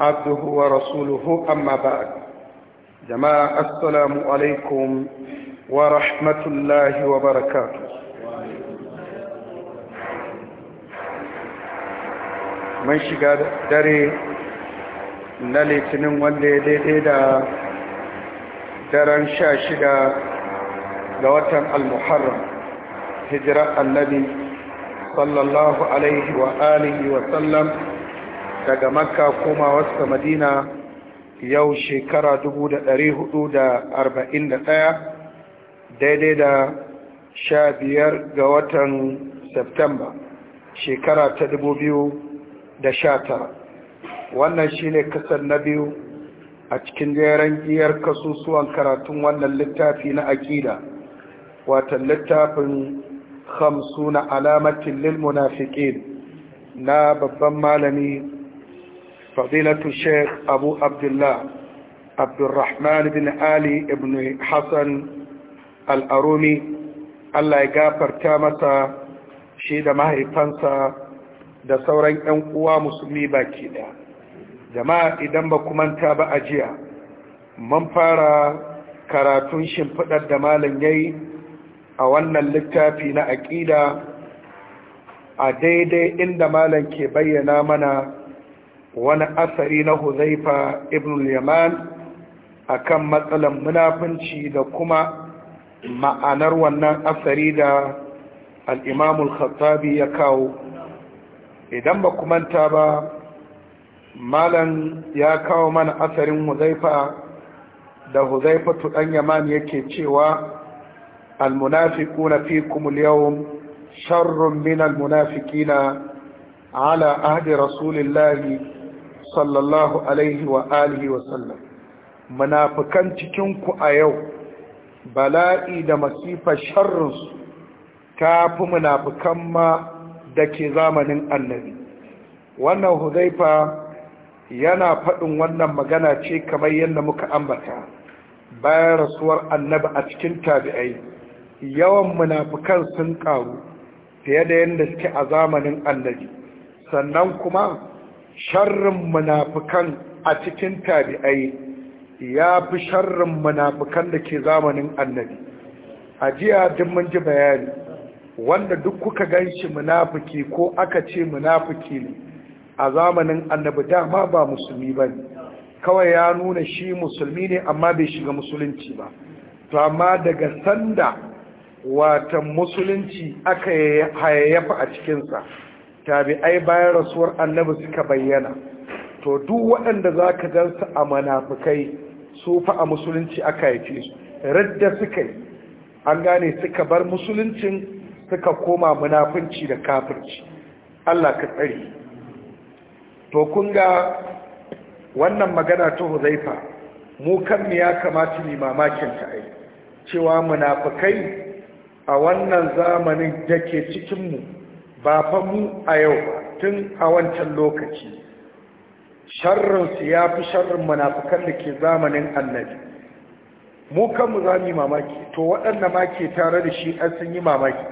عبده ورسوله أما بعد جماعة السلام عليكم ورحمة الله وبركاته من شقا داري نالي تنم واللي دي دي دا daren sha shida ga watan al-muharram hijira annabi sallallahu alaihi wa alihi wa sallam daga makka koma wasu madina yau shekara 441 daidai da sha biyar ga watan septemba shekara ta 2019 wannan shine kasar na biyu a cikin jeren giyar kasusuwan karatun wannan littafi na akida watan littafin hamsu na alamatin lil na babban malami فضيلة الشيخ أبو عبد الله عبد الرحمن بن علي Allah ya الأرومي الله يغفر تامسا شيد mahaifansa da sauran 'yan uwa musulmi baki ɗaya. jama'a idan ba manta ba a jiya mun fara karatun shimfiɗar da malam yayi a wannan littafi na aƙida a daidai inda malam ke bayyana mana wani asari na huzaifa ibn yaman akan matsalan munafunci da kuma ma'anar wannan asari da al'imamul khattabi ya kawo idan ba kumanta ba malan ya kawo mana asarin huzaifa da huzaifa tuɗan yaman yake cewa المنافقون فيكم اليوم شر من المنافقين على ala ahdi الله sallallahu alaihi wa alihi wa sallam munafikan cikin ku a yau bala'i da masifa sharrin su fi munafikan ma da ke zamanin annabi wannan huzaifa yana faɗin wannan magana ce kamar yadda muka ambata bayan rasuwar annabi a cikin tabi'ai yawan munafukan sun ƙaru fiye da yadda suke a zamanin annabi sannan kuma sharrin munafukan a cikin tabi'ai ya fi sharrin munafukan da ke zamanin annabi a jiya duk mun ji bayani wanda duk kuka gan shi munafuki ko aka ce munafiki ne a zamanin annabi dama ba musulmi ba ne kawai ya nuna shi musulmi ne amma bai shiga musulunci ba to amma daga sanda watan musulunci aka hayayyafa a cikinsa tabi'ai bayan rasuwar annabi suka bayyana to duk waɗanda za ka gansu a manafikai su fa a musulunci aka haife su radda suka yi an gane suka bar musuluncin suka koma munafunci da kafirci Allah ka tsare to kun ga wannan magana ta huzaifa mu mu ya kamata mu mamakin ta ai cewa munafikai a wannan zamanin dake cikin mu ba fa mu a yau tun a wancan lokaci sharrinsu ya fi sharrin munafukan da ke zamanin annabi mu kanmu za mu yi mamaki to waɗanda ma ke tare da shi an sun yi mamaki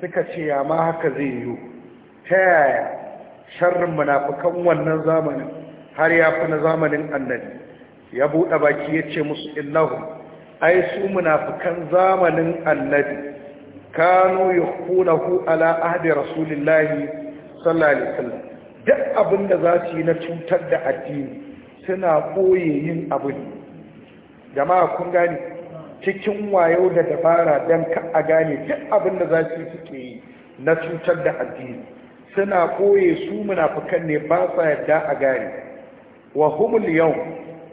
suka ce ya ma haka zai yiwu ta yaya sharrin munafukan wannan zamanin har ya fi na zamanin annabi ya buɗe baki ya ce musu illahu ai su munafukan zamanin annabi kanu yukhfunahu ala ahdi rasulillahi sallallahu alaihi wasallam duk abin da za su yi na cutar da addini suna koye yin abin jama'a kun gane cikin wayo da dabara dan ka a gane duk abin da za su yi suke yi na cutar da addini suna koye su munafikan ne ba sa yadda a gane wa humul yau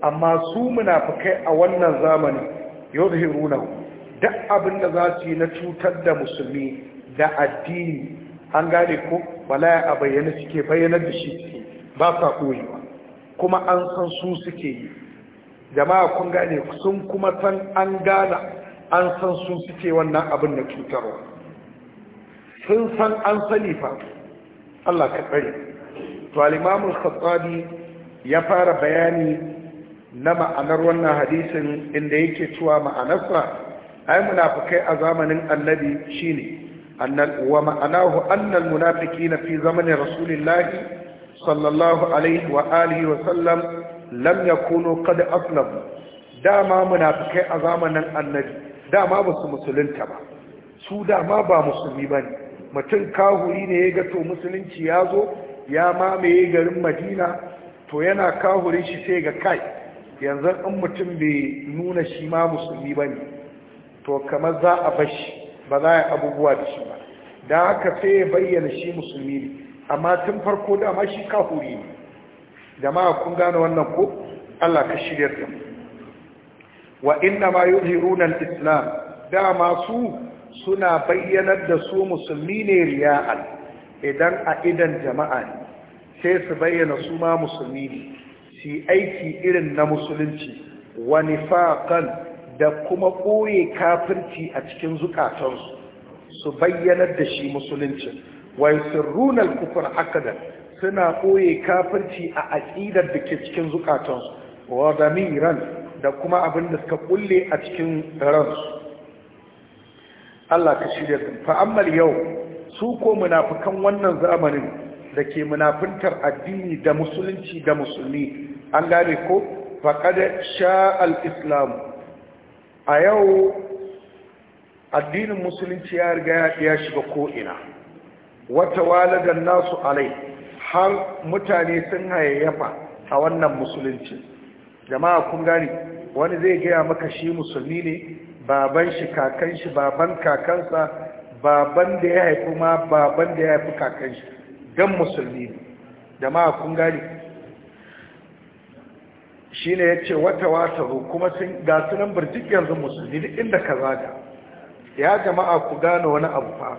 amma su munafikai a wannan zamanin yau duk abin da za su yi na cutar da musulmi da addini an gane ko walaya a bayyana suke bayyanar da shi suke ba sa koyewa kuma an san su suke yi jama'a kun gane sun kuma san an gane an san su suke wannan abin na cutarwa sun san an sani fa Allah ka tsare to al khattabi ya fara bayani na ma'anar wannan hadisin inda yake cewa ma'anarsa ai munafikai a zamanin annabi shine annal wa ma'anahu annal munafiqina fi zamanin rasulillahi sallallahu alaihi wa alihi wa sallam lam yakunu qad aslamu dama munafikai a zamanin annabi dama ba su musulunta ba su dama ba musulmi bane mutum kahuri ne ya ga to musulunci ya zo ya mamaye garin madina to yana kahurin shi sai ga kai yanzu in mutum bai nuna shi ma musulmi bane to kamar za a bashi ba za a abubuwa da shi ba da haka sai ya bayyana shi musulmi ne amma tun farko dama shi kahuri ne jama'a kun gane wannan ko Allah ka shirya da wa inna ma yuzhiruna al-islam dama su suna bayyanar da su musulmi ne riya'an idan a idan jama'a ne sai su bayyana su ma musulmi ne su aiki irin na musulunci wa nifaqan da kuma ɓoye kafirci a cikin zukatansu su bayyanar da shi musulunci wai sirrunar kufar akadar suna ɓoye kafirci a aƙidar da ke cikin zukatansu wa ran da kuma abin da suka kulle a cikin ransu Allah ka shirya su fa'ammal yau su ko munafukan wannan zamanin da ke munafuntar addini da musulunci da musulmi an gane ko faƙada sha'al Islam. a yau addinin musulunci ya riga ya shiga ko'ina wata waladan nasu alai har mutane sun hayayyafa a wannan musulunci jama'a kun gani wani zai gaya maka shi musulmi ne baban shi kakan shi baban kakansa baban da ya haifi ma baban da ya haifi kakan shi don musulmi ne jama'a kun gani shi ne ya ce wata wataru kuma sun gasu nan birjik yanzu musulmi duk inda ka zaga ya jama'a ku gane wani abu fa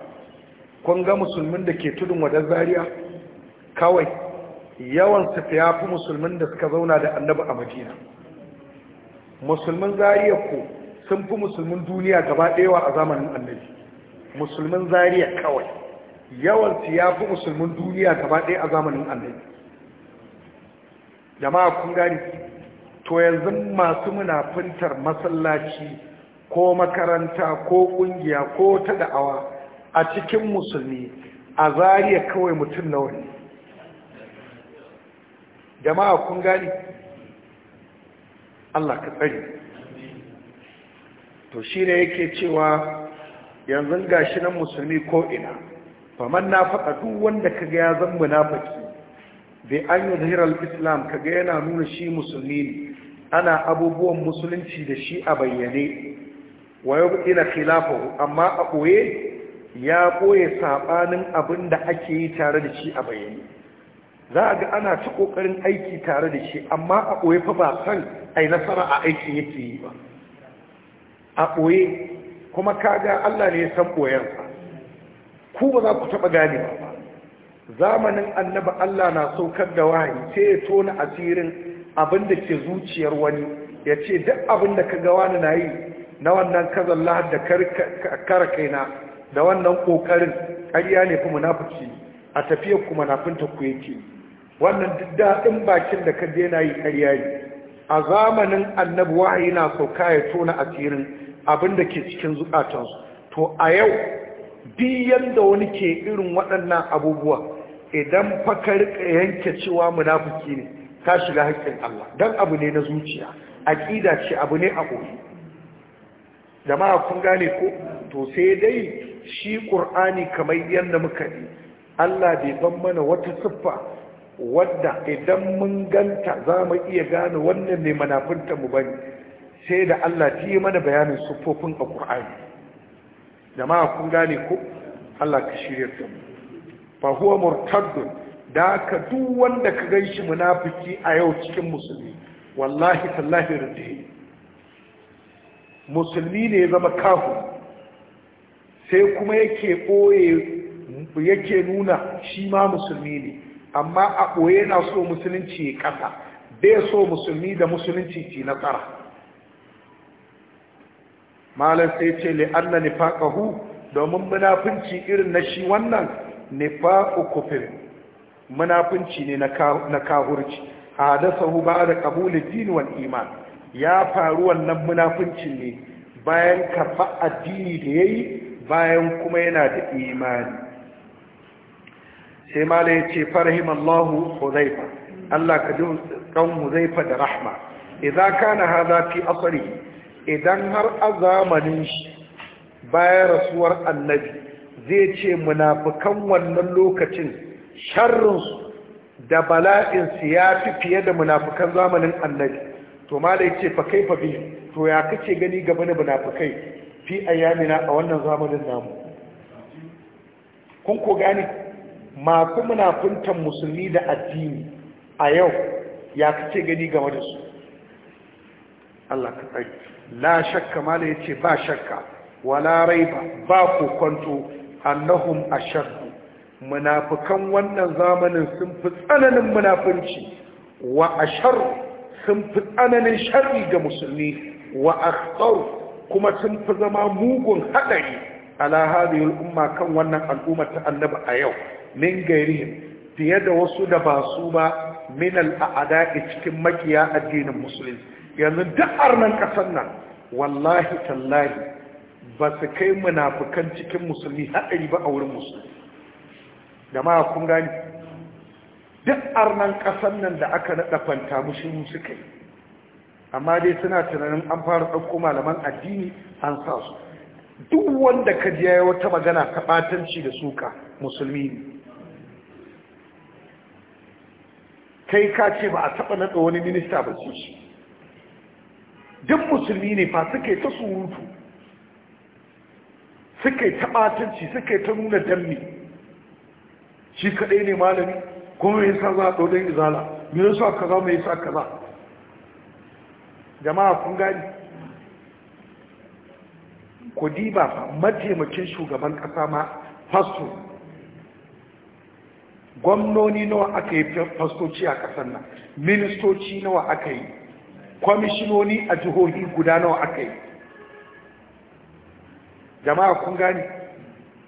kun ga musulmin da ke tudun wadar zariya kawai yawan su ya fi musulmin da suka zauna da annabi a madina musulmin zariya ku sun fi musulmin duniya gaba ɗewa a zamanin annabi musulmin zariya kawai yawan su ya fi musulmin duniya gaba ɗaya a zamanin annabi jama'a kun gani to yanzu masu munafuntar masallaci ko makaranta ko kungiya ko ta da'awa a cikin musulmi a zariya kawai mutum na wani jama'a kun gani Allah ka tsari to shi ne yake cewa yanzu gashi nan musulmi ko ina faman na faɗa duk wanda kaga ya zan munafiki bai an yi zahirar islam kaga yana nuna shi musulmi ne ana abubuwan musulunci da shi a bayyane wa yubqina khilafahu amma a ɓoye ya ɓoye saɓanin abin da ake yi tare da shi a bayyane za a ga ana ta ƙoƙarin aiki tare da shi amma a ɓoye fa ba san ai nasara a aikin yake yi ba a ɓoye kuma kaga Allah ne ya san ɓoyensa ku ba za ku taɓa gane ba zamanin annaba Allah na saukar da wahayi sai ya tona asirin abin da ke zuciyar wani ya ce duk abin da ka ga wani na yi na wannan kazan lahar da kara kaina da wannan ƙoƙarin ƙarya ne fi munafuci a tafiyar kuma nafinta ku yake wannan duk daɗin bakin da ka daina yi ƙarya ne a zamanin annabi wahayi na sauka ya tona asirin abin da ke cikin zukatansu to a yau biyan da wani ke irin waɗannan abubuwa idan fakar yanke cewa munafuki ne ka shiga haƙƙin Allah don abu ne na zuciya A ƙida ce abu ne a ƙoyi jama'a kun gane ko to sai dai shi ƙur'ani kamar yadda muka yi Allah bai ban mana wata siffa wadda idan mun ganta za mu iya gane wannan ne manafinta mu bane sai da Allah ta yi mana bayanin siffofin a ƙur'ani jama'a kun gane ko Allah ka shirya ta mu fa huwa da ka duk wanda ka gan shi munafiki a yau cikin musulmi wallahi tallahi rute musulmi ne zama kafu sai kuma yake ɓoye yake nuna shi ma musulmi ne amma a ɓoye na so musulunci ya ƙasa bai so musulmi da musulunci ci nasara malar sai ce li'anna nifaƙahu domin munafinci irin na shi wannan nifaƙu kufirin munafunci ne na kahurci hadasahu ba da kabulin dini wal iman ya faru wannan munafuncin ne bayan kafa addini da yayi bayan kuma yana da imani sai mala yace farahimallahu huzaifa Allah ka ji kan huzaifa da rahma idan kana hadha fi asri idan har a zamanin shi bayan rasuwar annabi zai ce munafukan wannan lokacin sharrinsu da bala'insu ya fi fiye da munafukan zamanin annabi to malai ce fa kai fa bi to ya kace gani gaba da munafukai fi ayyamina a wannan zamanin namu kun ko gane masu munafuntan musulmi da addini a yau ya kace gani game da su Allah ka tsaye la shakka malai ce ba shakka wala raiba ba kokonto annahum ashaddu munafukan wannan zamanin sun fi tsananin munafunci wa sun fi tsananin sharri ga musulmi wa akhtar kuma sun fi zama mugun haɗari. ala hadhihi umma kan wannan al'umma ta annaba a yau min gairihim fiye da wasu da ba su ba min al'adaki cikin makiya addinin musulmi yanzu duk arnan ƙasar nan wallahi tallahi ba su kai munafukan cikin musulmi haɗari ba a wurin musulmi Da ma kun gani duk arnan kasan nan da aka nada fanta mushin suka yi amma dai suna tunanin an fara ɗauko malaman addini an sa su duk wanda ka ji yayi wata magana ta batanci da suka musulmi ne kai ka ce ba a taɓa nada wani minista ba su shi duk musulmi ne fa suka yi ta surutu suka yi ta batanci suka yi ta nuna dammi shi kaɗai ne malami kuma mai yasa za a ɗauɗin izala mai yasa kaza mai yasa kaza jama'a kun gani ku diba mataimakin shugaban ƙasa ma fasto gwamnoni nawa aka yi fastoci a ƙasar nan ministoci nawa aka yi kwamishinoni a jihohi guda nawa aka yi jama'a kun gani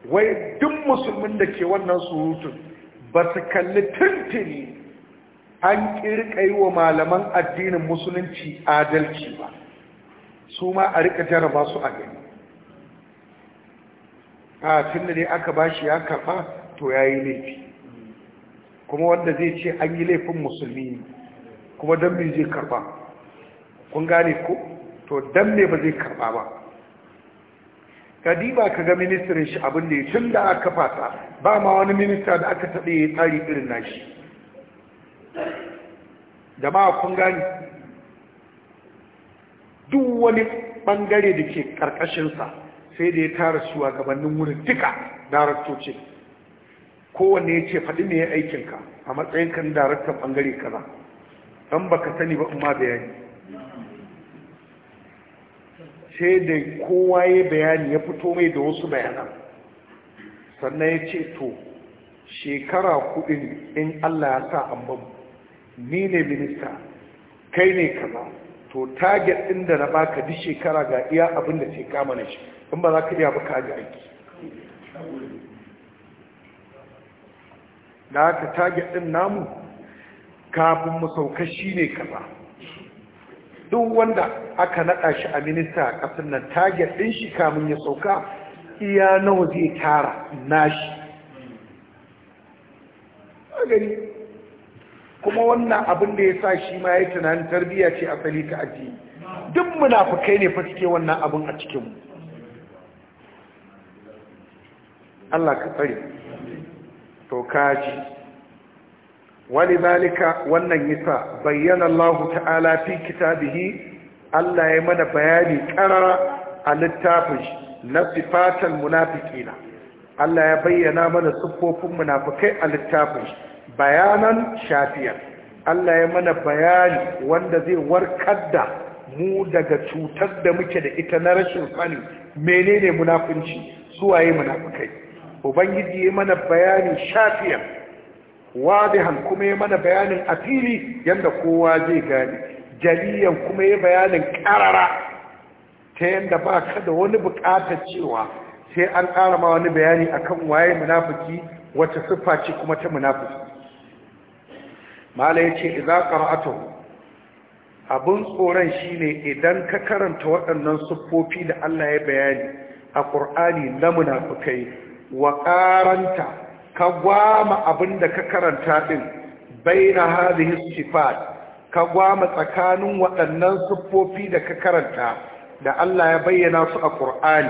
wai duk musulmin da ke wannan surutun ba su kalli tuntuni an ƙirƙa yi wa malaman addinin musulunci adalci ba su ma a rika jaraba su a gani a tun da ne aka ba shi ya karɓa to ya yi laifi kuma wanda zai ce an yi laifin musulmi kuma don zai karɓa kun gane ko to don ba zai karɓa ba kadiba ka ga ministrin shi abin da ya tun da aka fasa, ba ma wani minista da aka taɓe ya tsari irin nashi jama'a kun gani duk wani ɓangare da ke ƙarƙashinsa sai da ya tara suwa gabanin wurin duka daraktoci kowanne ya ce faɗi ne ya aikinka a matsayin kan daraktan ɓangare kaza don ka sani ba ma bayani sai da kowa ya bayani ya fito mai da wasu bayanan sannan ya ce to shekara kudin in Allah ya sa amma ni ne minista kai ne kaza to target din da na baka duk shekara ga iya abin da ke kama na shi in ba za ka iya baka ga aiki da haka target din namu kafin mu sauka shi ne kaza duk wanda aka naɗa shi a minista a ƙasar nan target ɗin shi kamun ya sauka iya nawa zai tara nashi gani kuma wannan abin da ya sa shi ma ya tunanin tarbiyya ce asali ta ajiye. duk munafukai ne fa wannan abin a cikinmu Allah ka tsare to kaji Wani ولذلك wannan yasa bayyana Allah ta'ala fi kitabihi Allah ya mana bayani karara a littafin shi na sifatal munafiqina Allah ya bayyana mana siffofin munafikai a littafin shi bayanan shafiyar. Allah ya mana bayani wanda zai warkar da mu daga cutar da muke da ita na rashin sani menene munafunci suwaye munafikai ubangiji ya mana bayani shafiyar. wadihan kuma ya mana bayanin a fili yadda kowa zai gani jaliyan kuma ya bayanin karara ta yadda ba ka da wani bukatar cewa sai an karama wani bayani akan waye munafiki wata siffa ce kuma ta munafiki mala ya ce idan qara'atu abun tsoron shine idan ka karanta waɗannan siffofi da Allah ya bayani a Ƙur'ani na munafikai wa qaranta ka gwama abin da ka karanta din baina hadhihi sifat ka gwama tsakanin waɗannan siffofi da ka karanta da Allah ya bayyana su a Ƙur'ani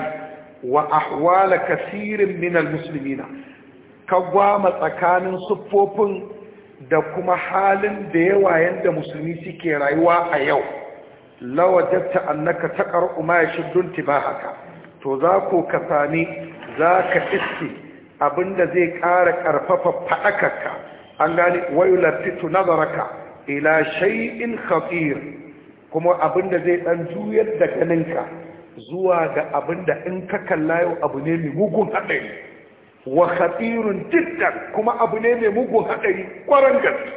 wa ahwala kasirin min almuslimina ka gwama tsakanin siffofin da kuma halin da yawa yanda musulmi suke rayuwa a yau lawajatta annaka taqra'u ma yashuddu intibahaka to za ko ka sami za ka iske abinda zai ƙara ƙarfafa faɗakarka an gani wayulafitu nazaraka ila shay'in khatir kuma abinda zai dan juyar da ganinka zuwa ga abinda in ka kalla yau abu ne mai mugun haɗari wa khatirun jiddan kuma abu ne mai mugun haɗari kwaran gaske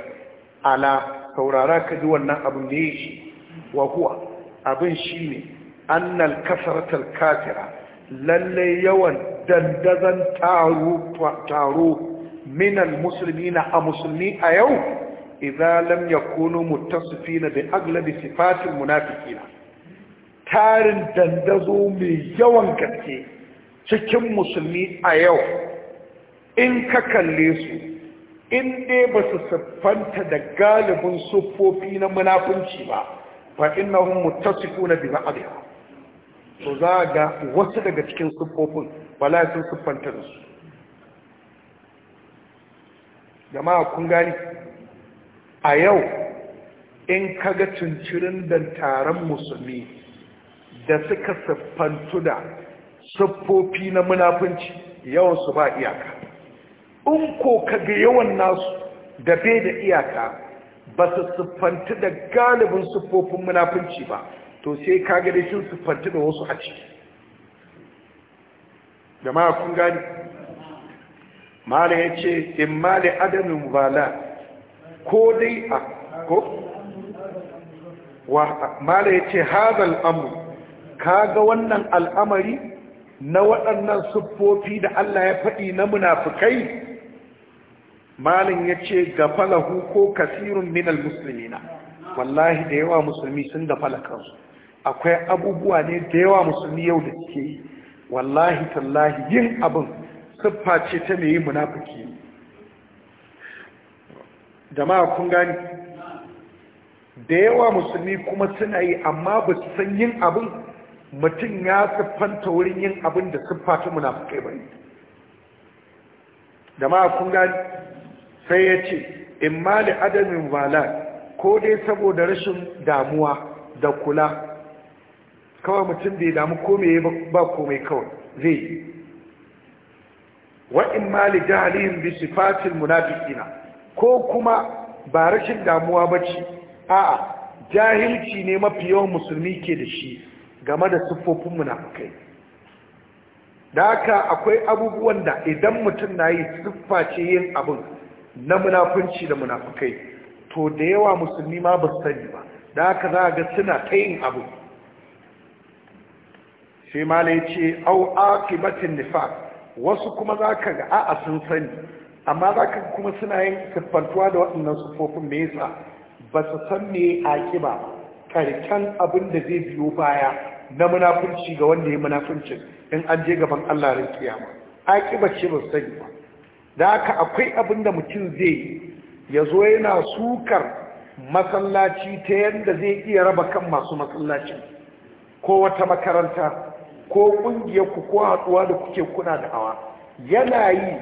ala saurara ka ji wannan abu ne shi wa kuwa abin shine annal kasratul katira lalle yawan dandazan taro minal musulmi na a musulmi a yau idan lam ya kuno mutasufi na da aglabi sifatin na. tarin dandazo mai yawan gaske cikin musulmi a yau in ka kalle su in dai ba su siffanta da galibin siffofi na munafunci ba fa innahum muttasifuna bi ba'dha to za ga wasu daga cikin siffofin wala sun siffanta da su jama'a kun gani a yau in ka kaga cincirin da taron musulmi da suka siffantu da siffofi na munafunci yawansu ba iyaka in ko ga yawan nasu da bai da iyaka ba su siffantu da galibin siffofin munafunci ba to sai kaga da sun siffantu da wasu a ciki jama'a kun gani malam ya ce in mali adamin Bala, ko dai a ko malam ya ce al'amur, amur kaga wannan al'amari na waɗannan siffofi da Allah ya faɗi na munafukai malin ya ce gafalahu ko kasirun minal musulmina wallahi da yawa musulmi sun gafala kansu akwai abubuwa ne da yawa musulmi yau da suke yi wallahi tallahi yin abin siffa ce ta mai yi munafiki jama'a kun gani da yawa musulmi kuma suna yi amma ba su san yin abin mutum ya siffanta wurin yin abin da siffa ta munafikai ba jama'a kun gani sai ya ce in ma da adamin vala ko dai saboda rashin damuwa da kula kawai mutum bai damu komai ba komai kawai zai yi wa'in mali jahalin bi sifatil munafiqina ko kuma ba rashin damuwa bace a'a jahilci ne mafi yawan musulmi ke da shi game da siffofin munafikai da haka akwai abubuwan da idan mutum na yi siffa yin abin na munafunci da munafikai to da yawa musulmi ma ba sani ba da haka za a ga suna ta yin abin sai ma ya ce au akibatin nifa wasu kuma za ka ga a'a sun sani amma za ka kuma suna yin siffantuwa da waɗannan sufofin me yasa ba su san me akiba karken abin da zai biyo baya na munafunci ga wanda ya munafuncin in an je gaban Allah ran kiyama akiba ce ba su sani ba da haka akwai abin da mutum zai ya zo yana sukar masallaci ta yadda zai iya raba kan masu masallacin ko wata makaranta ko ƙungiyarku, ko haɗuwa da kuke kuna da awa. yana yi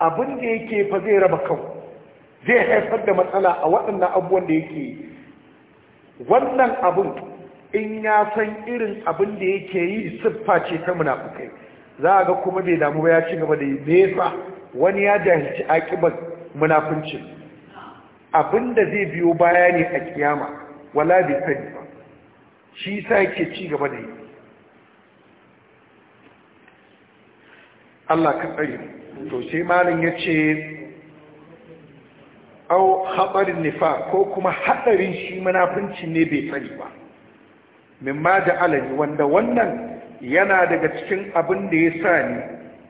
abin da yake fa zai raba kan zai haifar da matsala a waɗannan abubuwan da yake yi wannan abin in ya san irin abin da yake yi siffa ce ta munafukai za a ga kuma bai damu ba ya ci gaba da nesa wani ya jahilci akibar munafuncin abin da zai biyo baya ne a kiyama wala bai sani ba shi sa yake ci gaba da yi Allah ka tsare to sai malin ya ce au haɓarin nifa ko kuma haɗarin shi munafincin ne bai tsari ba min ma da alani wanda wannan yana daga cikin abin da ya sa ni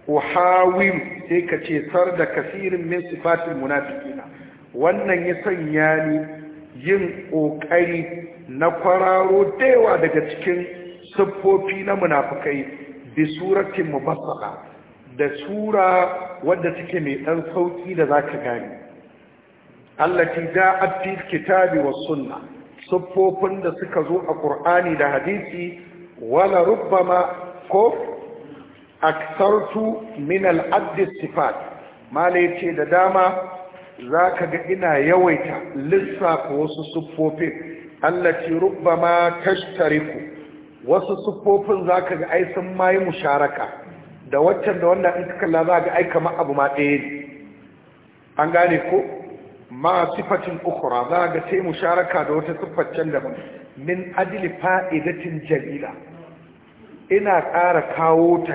uhawim sai ka ce sar da kasirin min sifatin munafikina wannan ya sanya ni yin ƙoƙari na kwararo daewa daga cikin siffofi na munafukai bi suratin mubassala da sura wadda take mai ɗan sauƙi da za ka gani allati da abdi kitabi wa sunna siffofin da suka zo a ƙur'ani da hadisi wala rubbama ko aksartu min al'addi sifat mala ce da dama za ka ga ina yawaita lissafa wasu siffofin allati rubbama tashtariku wasu siffofin za ka ga ai sun mayi musharaka da waccan da wannan in kalla za ga aika ma abu ma ɗaya ne an gane ko ma sifatin ukura za ga sai sharaka da wata siffacen daban min adili fa'idatin jalila ina ƙara kawo ta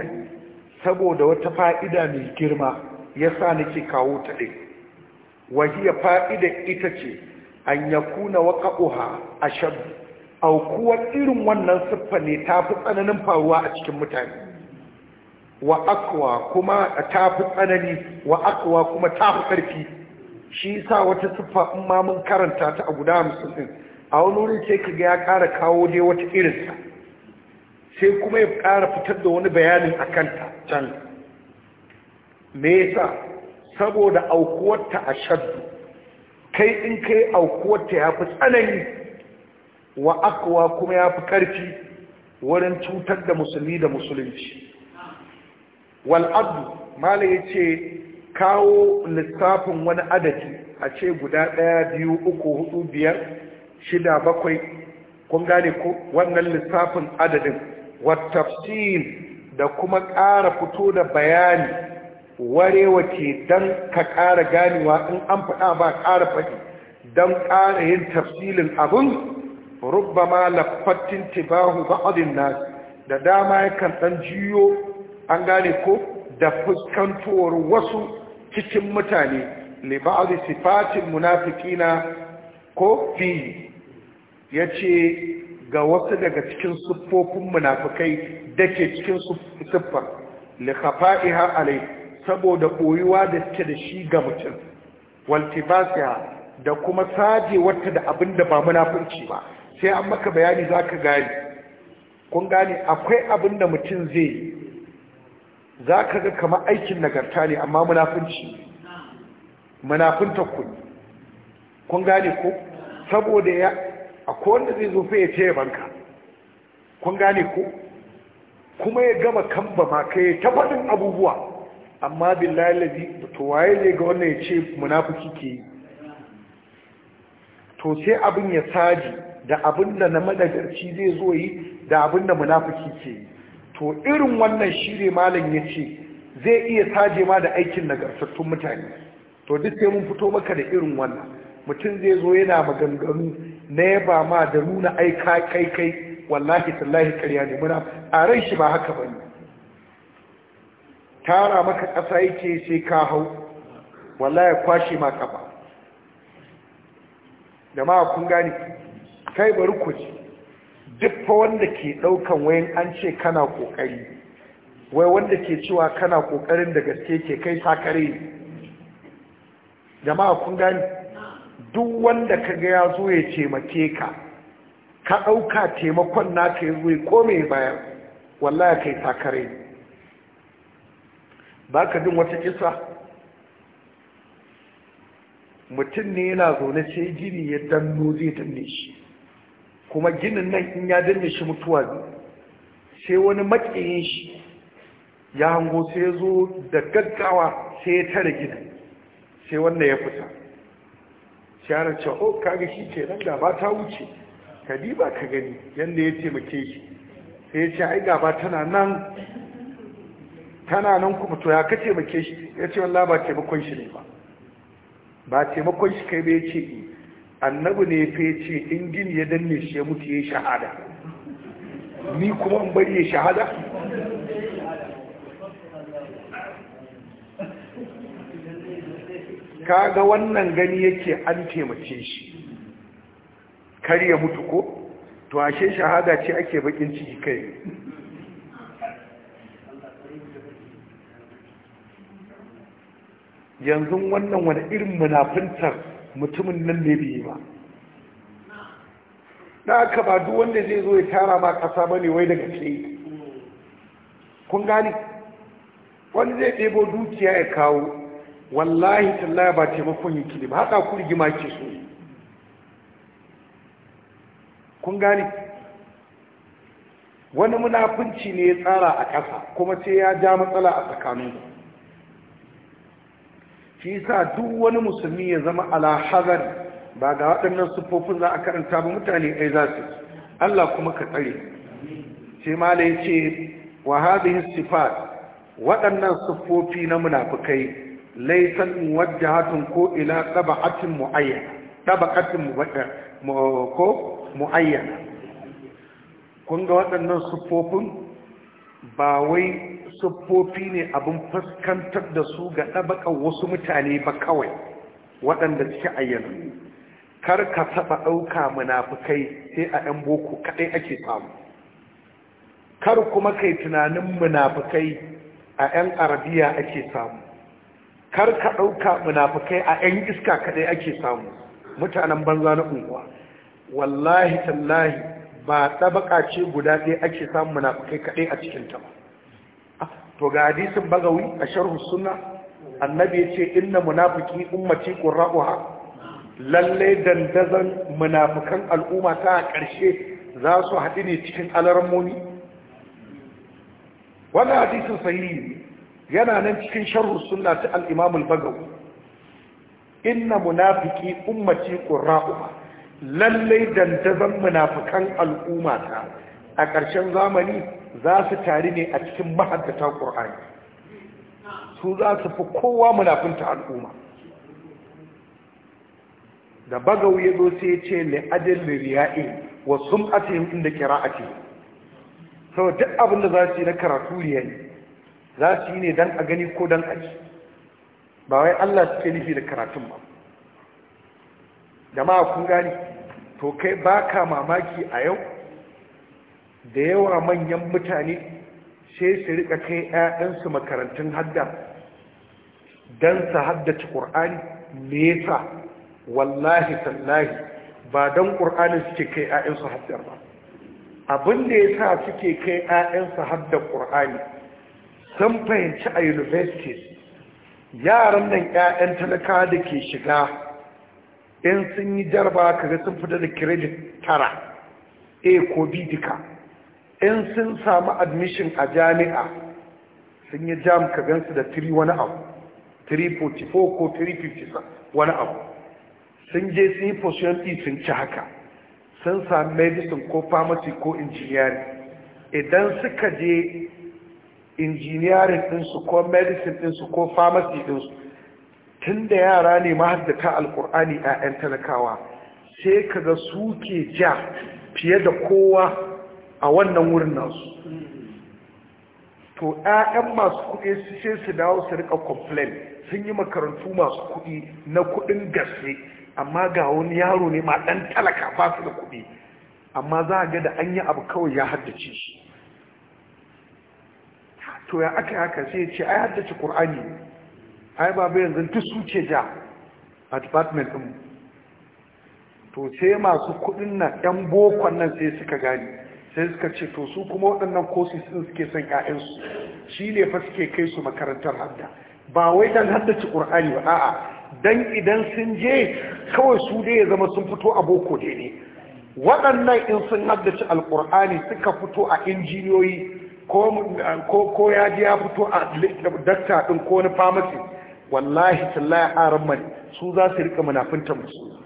saboda wata fa'ida mai girma ya yasa nake kawo ta ɗai wahiya fa'ida ita ce an kuna uha a shabu aukuwar irin wannan siffa ne ta fi tsananin faruwa a cikin mutane wa akwa kuma ta fi tsanani wa akwa kuma ta fi ƙarfi shi sa wata siffa in ma mun karanta ta a guda hamsin din a wani wurin sai ka ga ya ƙara kawo dai wata irinsa sai kuma ya ƙara fitar da wani bayanin a kanta can me yasa saboda aukuwarta a shaddu kai in kai aukuwarta ya fi tsanani wa akwa kuma ya fi ƙarfi wurin cutar da musulmi da musulunci wal abdu mala yace kawo lissafin wani adadi a ce guda ɗaya biyu uku hudu biyar shida bakwai kun gane ko wannan lissafin adadin wattafsil da kuma ƙara fito da bayani warewa ke don ka ƙara ganewa in an faɗa ba ƙara faɗi don ƙara yin tafsilin abin rubba ma lafattin tibahu ba'adin nasu da dama yakan ɗan jiyo an gane ko da fuskantowar wasu cikin mutane liba'adu sifatin munafikina ko fi ya ce ga wasu daga cikin siffofin munafikai da ke cikin siffar likhafa'iha alai saboda koyuwa da suke da shi ga mutum waltibasiha da kuma saje wata da abin da ba munafunci ba sai an maka bayani za ka gane kun gane akwai abin da mutum zai yi za ka ga kama aikin nagarta ne amma munafunci munafunta ku kun gane ku? saboda ya a wanda zai zo ya ce banka kun gane ku? kuma ya gama kamba ma kai ta faɗin abubuwa amma billahi lalazi to waye zai ga wannan ya ce munafiki ke yi to sai abin ya saji da abin da na madagarci zai zo yi da abin da munafiki ke yi to irin wannan shirye malam ya ce zai iya saje ma da aikin nagartattun mutane to duk sai mun fito maka da irin wannan mutum zai zo yana maganganu na yaba ma da nuna aika kai kai wallahi tallahi karya ne muna a ran shi ba haka bane tara maka kasa yake sai ka hau wallahi kwashe ma kafa ma kun gani kai bari ku ji duk fa wanda ke ɗaukan wayan an ce kana ƙoƙari wai wanda ke cewa kana kokarin da gaske ke kai sakare jama'a kun gani duk wanda ka ga ya zo ya taimake ka ka ɗauka taimakon naka ya zuwa ko mai bayan wallaya kai sakare ba ka jin wata kisa mutum ne yana zaune sai gini ya danno zai danne shi kuma ginin nan in ya danne shi mutuwa sai wani makiyin shi ya hango sai zo da gaggawa sai ya tare ginin sai wanda ya fita shaharar cewa o oh, kaga shi ce nan gaba ta wuce ka diba ka gani yadda ya taimake shi sai ya ce ai gaba tana nan tana nan kuma to ya ka taimake shi ya ce wallah ba taimakon shi ne ba ba taimakon shi kai bai ce eh. annabi ne ya ce in gini ya danne shi ya mutu ya shahada ni kuma in bari ya shahada kaga wannan gani yake an taimace shi kar ya mutu ko to ashe shahada ce ake bakin ciki kai yanzu wannan wani irin munafintar mutumin nan ne bai ba na aka ba duk wanda zai zo ya tara ma kasa bane wai daga ce kun gani wani zai ɗebo dukiya ya kawo wallahi tallaya ba taimakon yake ne ba haɗa ku rigima ke so kun gani wani munafunci ne ya tsara a ƙasa kuma sai ya ja matsala a tsakaninku shi sa duk wani musulmi ya zama alahazar ba ga waɗannan siffofin za a karanta ba mutane ai za su Allah kuma ka tsare sai mala ya ce wa hadhihi sifat waɗannan siffofi na munafikai laysan muwajjahatun ko ila tabaqatin muayyana tabaqatin ko muayyana kun ga waɗannan siffofin ba wai siffofi ne abin fuskantar da su ga ɗabaƙar wasu mutane ba kawai waɗanda suke ayyana. kar ka taɓa ɗauka munafukai sai a 'yan boko kaɗai ake samu kar kuma kai tunanin munafukai a 'yan arabiya ake samu kar ka ɗauka munafukai a 'yan iska kaɗai ake samu mutanen banza na unguwa wallahi tallahi ba tsabaka ce guda ɗaya ake samun munafukai kaɗai a cikin ta ba ah, to ga hadisin bagawi a sharhu sunna annabi ya ce inna munafiki ummati qurra'uha lalle dandazan munafukan al'umma ta a ƙarshe za su haɗu ne cikin alarmoni wannan hadisin sahihi yana nan cikin sharhu sunna ta al-imam al-bagawi inna munafiki ummati qurra'uha lallai dantazan munafukan al'umma ta a ƙarshen zamani za su tari ne a cikin mahaddata ƙur'ani su za su fi kowa munafunta al'umma da bagau ya zo sai ce mai liriya'i wa sun ake inda kira ake sau duk abin da za su yi na karatu riya ne za su yi ne don a gani ko don aji ba wai allah suke nufi da karatun ba jama'a kun gani to kai baka mamaki a yau da yawa manyan mutane sai su rika kai 'ya'yansu makarantun haddar don su haddace ƙur'ani nesa wallahi sallahi ba don ƙur'ani suke kai 'ya'yansu haddar ba abin da ya sa suke kai 'ya'yansu haddar ƙur'ani sun fahimci a universities yaran nan 'ya'yan talaka da ke shiga in sun yi jarba kaga sun fita da credit tara a ko b duka in sun samu admission a jami'a sun yi jam ka gansu da 3 wani abu 344 ko 350 wani abu sun je sun yi position e sun ci haka sun samu medicine ko pharmacy ko engineering idan suka je engineering ɗinsu ko medicine ɗinsu ko pharmacy ɗinsu tun da yara ne mahaddata alkur'ani 'ya'yan talakawa sai kaga su ke ja fiye da kowa a wannan wurin nasu to 'ya'yan masu kuɗi su ce su dawo su rika complain sun yi makarantu masu kuɗi na kuɗin gaske amma ga wani yaro ne ma ɗan talaka ba su da kuɗi amma za a ga da an yi abu kawai ya haddace shi to ya aka haka sai ce ai haddace ƙur'ani ai bai yanzu duk su ja a department ɗin to sai masu kuɗin na ɗan bokon nan sai suka gani sai suka ce to su kuma waɗannan kosis ɗin suke son ƴaƴansu shi ne fa suke kai su makarantar hadda ba wai dan haddace Al-Qur'ani ba a'a dan idan sun je kawai su dai ya zama sun fito a boko daidai waɗannan in sun haddace alqur'ani suka fito a injiniyoyi ko ya ji ya fito a dakta ɗin ko na famasi wallahi tallahi aran mani su za su rika manafinta musu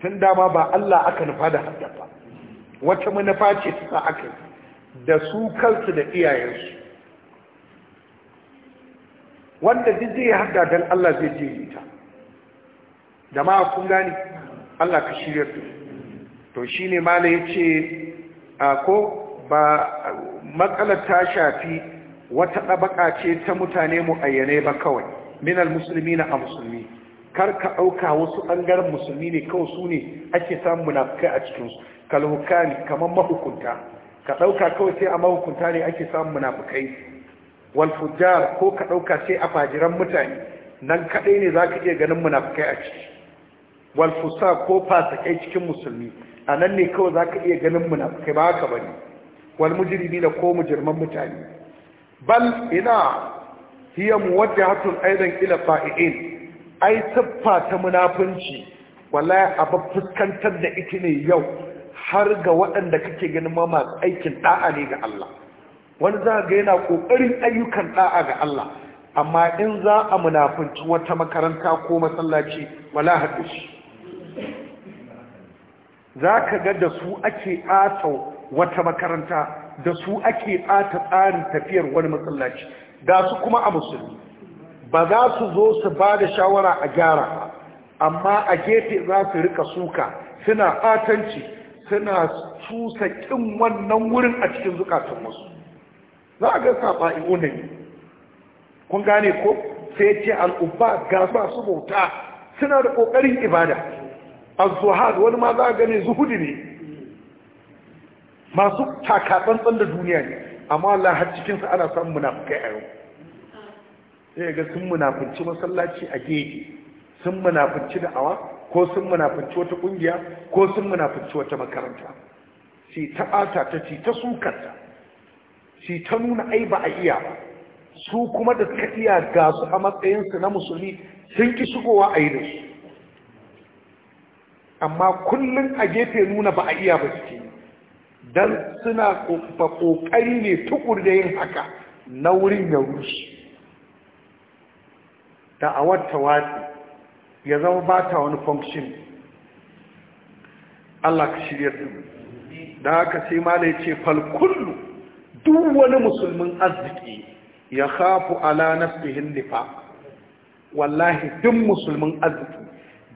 tun dama ba Allah aka nufa da haddafa wata manufa ce su sa aka da su kansu da iyayensu wanda duk zai hada don Allah zai je yi ta ma kun gani Allah ka shirya su to shi ya ce a ko ba matsalar ta shafi wata ɗabaka ce ta mutane mu ayyane ba kawai min almuslimina a musulmi kar ka ɗauka wasu ɓangaren musulmi ne kawai su ne ake samun munafukai a cikinsu kalhukani kamar mahukunta ka ɗauka kawai sai a mahukunta ne ake samun munafukai walfujar ko ka ɗauka sai a fajiran mutane nan kaɗai ne za ka iya ganin munafukai a ciki walfusa ko fasakai cikin musulmi a nan ne kawai za ka iya ganin munafukai ba haka ba ne walmujirimi da ko mujirman mutane bal ina hiya muwajjahatun aidan ila qa'in ai tuffa ta munafunci wallahi a fuskantar da ita ne yau har ga waɗanda kake ganin ma masu aikin da'a ne ga Allah wani za ga yana kokarin ayyukan da'a ga Allah amma in za a munafunci wata makaranta ko masallaci wala haɗu shi za ka ga da su ake ɓata wata makaranta da su ake ɓata tsarin tafiyar wani masallaci ga su kuma a musulmi ba za su zo su ba da shawara a gyara amma a gefe za su rika suka suna ɓatanci suna cusa ƙin wannan wurin a cikin zukatan wasu za a ga saɓa iunani kun gane ko sai ce al'ubba ga ba su bauta suna da ƙoƙarin ibada a zuhad wani ma za a gane zuhudi ne masu takatsantsan da duniya ne amma Allah har cikin ana samun munafikai a yau sai ga sun munafunci masallaci a gefe sun munafunci da'awa ko sun munafunci wata kungiya ko sun munafunci wata makaranta sai ta ata ta ci ta sukanta sai ta nuna ai ba a iya ba su kuma da suka iya ga su a matsayinsu na musulmi sun ki shigowa a yi da su amma kullum a gefe nuna ba a iya ba suke yi dan suna kokari ne tukur da yin haka na wurin ya rushe wata wata ya zama ba ta wani function Allah ka shirya dubu da haka sai mala ya ce falkullu duk wani musulmin arziki ya hafu ala fihin nifa wallahi duk musulmin arziki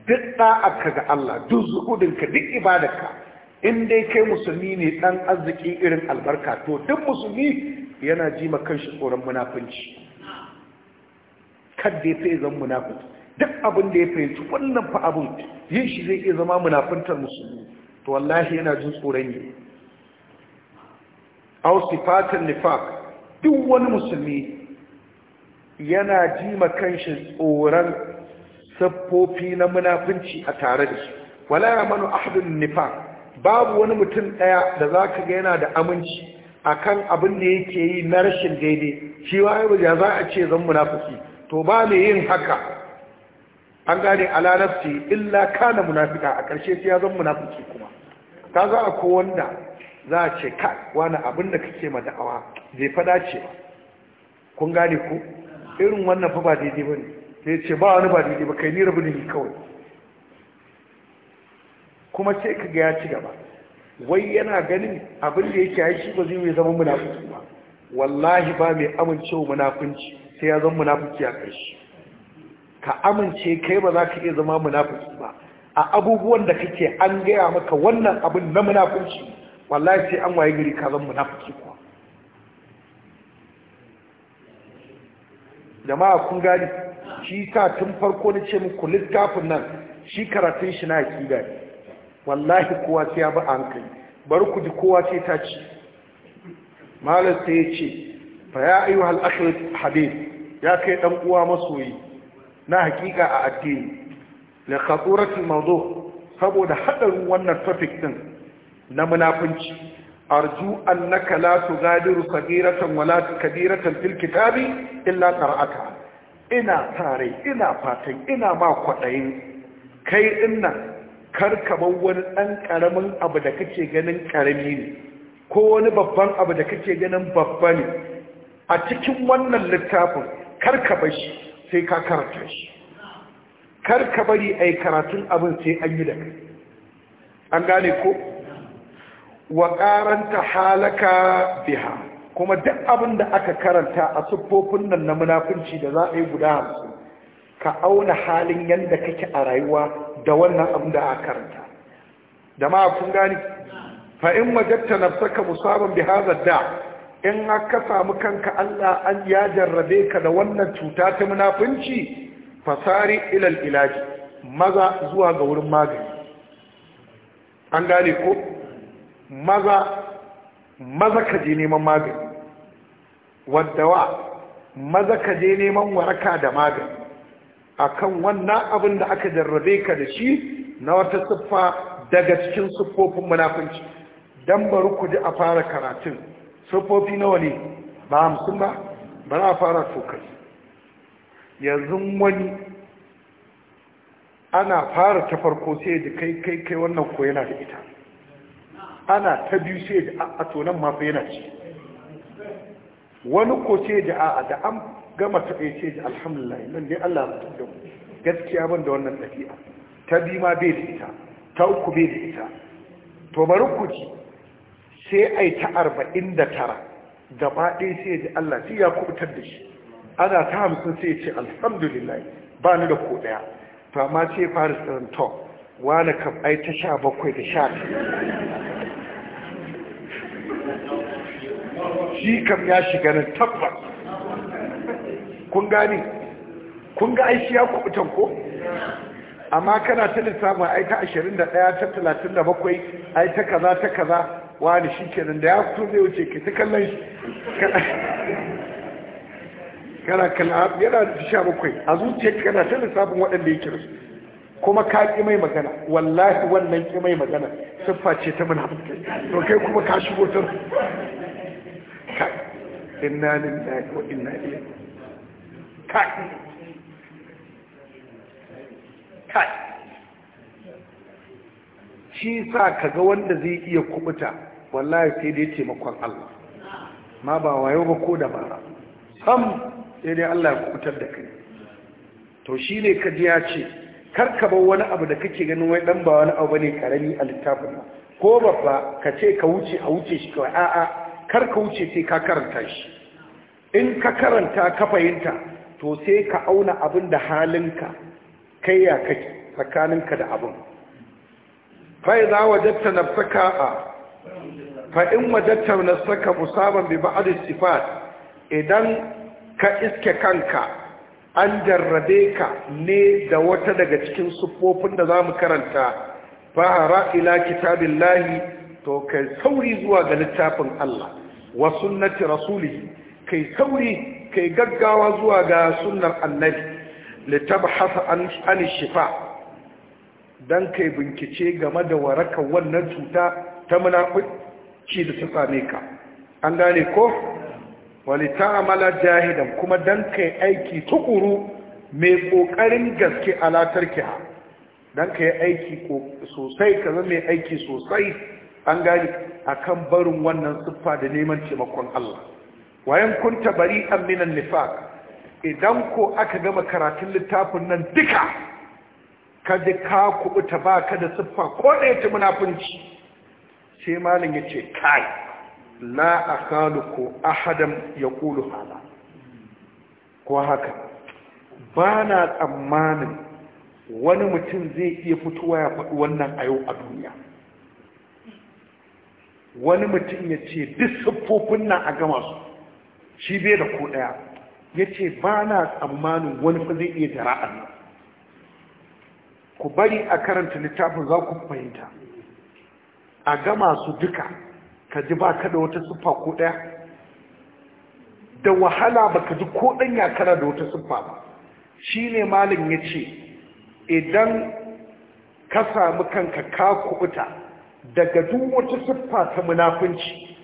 duk ɗa'aka ga Allah duk zuɗinka duk ibadarka in dai kai musulmi ne dan arziki irin albarka to duk musulmi yana ji ma kanshi tsoron munafunci da ya fi zan munafunci, duk abin da ya fahimci wannan fa abin yin shi zai iya zama munafuntar musulmi to wallahi yana jin tsoron yi aw sifatan nifaq duk wani musulmi yana ji ma kanshi tsoron siffofi na munafunci a tare da shi wala manu ahadun nifaq babu wani mutum ɗaya da za ka ga yana da aminci a kan abin da yake yi na rashin daidai shi wa wajen za a ce zan munafiki to ba mai yin haka an gane ala nafsi illa kana munafika a ƙarshe sai ya zan munafiki kuma ka za a ko wanda za a ce ka wani abin da kake ma da'awa zai fada ce ba kun gane ku irin wannan fa ba daidai ba ne sai ce ba wani ba daidai ba kai ni rabu ne kawai kuma sai ka ga ya ci gaba wai yana ganin abin da yake yi ba zai zama munafiki ba wallahi ba mai amincewa munafunci sai ya zama munafunci a ƙarshe ka amince kai ba za ka iya zama munafunci ba a abubuwan da kake an gaya maka wannan abin na munafunci wallahi sai an waye gari ka zama munafunci kuwa jama'a kun gani shi ka tun farko na ce muku littafin nan shi karatun shi na aƙida ne wallahi kowa sai ya bi hankali bar ku ji kowa sai ta ci malam sai ya ce fa ya ayyuhal akhir habib ya kai dan uwa masoyi na hakika a addini la khaturatul mawdu saboda hadarin wannan topic din na munafunci arju annaka la tughadiru saghiratan wala kabiratan fil kitabi illa qara'aka ina tare ina fatan ina ma kwadayin kai ɗinnan. kar bar wani ɗan ƙaramin abu da kake ganin ƙarami ne ko wani babban abu da kake ganin babba ne a cikin wannan littafin kar ka bar shi sai ka karanta shi kar ka a yi karatun abin sai an yi da kai an gane ko wa ƙaranta halaka biha kuma duk abin da aka karanta a siffofin nan na munafunci da za a yi guda ka auna halin yadda kake a rayuwa da wannan abin da aka karanta da ma kun gani fa in majatta nafsaka musaban bi hadha da in aka samu kanka Allah an ya jarrabe ka da wannan cuta ta munafinci fasari ila ilaji maza zuwa ga wurin magani an gane ko maza maza ka je neman magani wadda wa maza ka je neman waraka da magani akan wannan abin da aka jarrabe ka da shi na wata siffa daga cikin siffofin munafunci dan bari ku ji a fara karatun siffofi nawa ne ba hamsin ba bari a fara tokar yanzu wani ana fara ta farko sai da kai kai kai wannan ko yana da ita ana ta biyu sai da a tonan mafi yana ce wani ko sai da a da an gama ta ɗaya ce alhamdulillah nan dai Allah ya mu gaskiya ban da wannan ɗabi'a ta bi ma bai da ita ta uku bai da ita to bari ku ji sai ai ta arba'in da tara gaba ɗaya sai ya ji Allah sai ya kubutar da shi ana ta hamsin sai ya ce alhamdulillah ba ni da ko ɗaya to amma sai ya fara tsirin to wani kam ai ta sha bakwai da sha shi kam ya shiga na tabbas kun gani kun ga aishi ya kubutan ko amma kana ta lissafa ai ta 21 ta 37 ai ta kaza ta kaza wani shikenan da ya fito zai wuce ki ta kallon shi kana kana yana da 17 a zuciya kana ta lissafin waɗanda yake su. kuma ka ƙi mai magana wallahi wannan ƙi mai magana siffa ce ta munafikai to kai kuma ka shigo ta inna lillahi wa inna ilaihi kai kai shi sa kaga wanda zai iya kubuta wallahi sai dai taimakon Allah ma ba wayo ba ko da ba sam sai dai Allah ya kubutar da kai to shine kaji ya ce karka bar wani abu da kake ganin wai dan ba wani abu bane karami a littafin ko babba ka ce ka wuce a wuce shi kawai a'a kar ka wuce sai ka karanta shi in ka karanta ka fahimta to sai ka auna abin da halinka kai ya kake tsakaninka da abin fa'iza wajatta saka a fa'in wajatta nafsaka musamman bi ba'ad sifat idan ka iske kanka an jarrabe ka ne da wata daga cikin siffofin da za mu karanta fahara ila kitabin lahi to kai sauri zuwa ga littafin Allah wa sunnati rasuli kai sauri kai gaggawa zuwa ga sunnar annabi litabhasa an an shifa dan kai bincike game da waraka wannan cuta ta munafiki da ta same ka an gane ko wali ta'amala jahidan kuma dan kai aiki tukuru mai kokarin gaske alatar kiha dan kai aiki sosai kaza mai aiki sosai an gane akan barin wannan siffa da neman taimakon Allah wayan kunta an minan nifak idan ko aka gama karatun littafin nan duka kada ka kubuta ba ka da siffa ko da yake munafunci sai malin yace kai la ahadam ahadan kulu hala ko haka ba na tsammanin wani mutum zai iya fitowa ya faɗi wannan a yau a duniya wani mutum ya ce duk siffofin nan a gama su shi bai da ko ɗaya ya ce ba na tsammanin wani fa zai iya jara'ar nan ku bari a karanta littafin za ku fahimta a gama su duka ka ji ba ka da wata siffa ko ɗaya da wahala ba ka ji ko ɗan yakara da wata siffa ba shi ne malin ya ce idan ka sami kanka ka kubuta daga duk wata siffa ta munafunci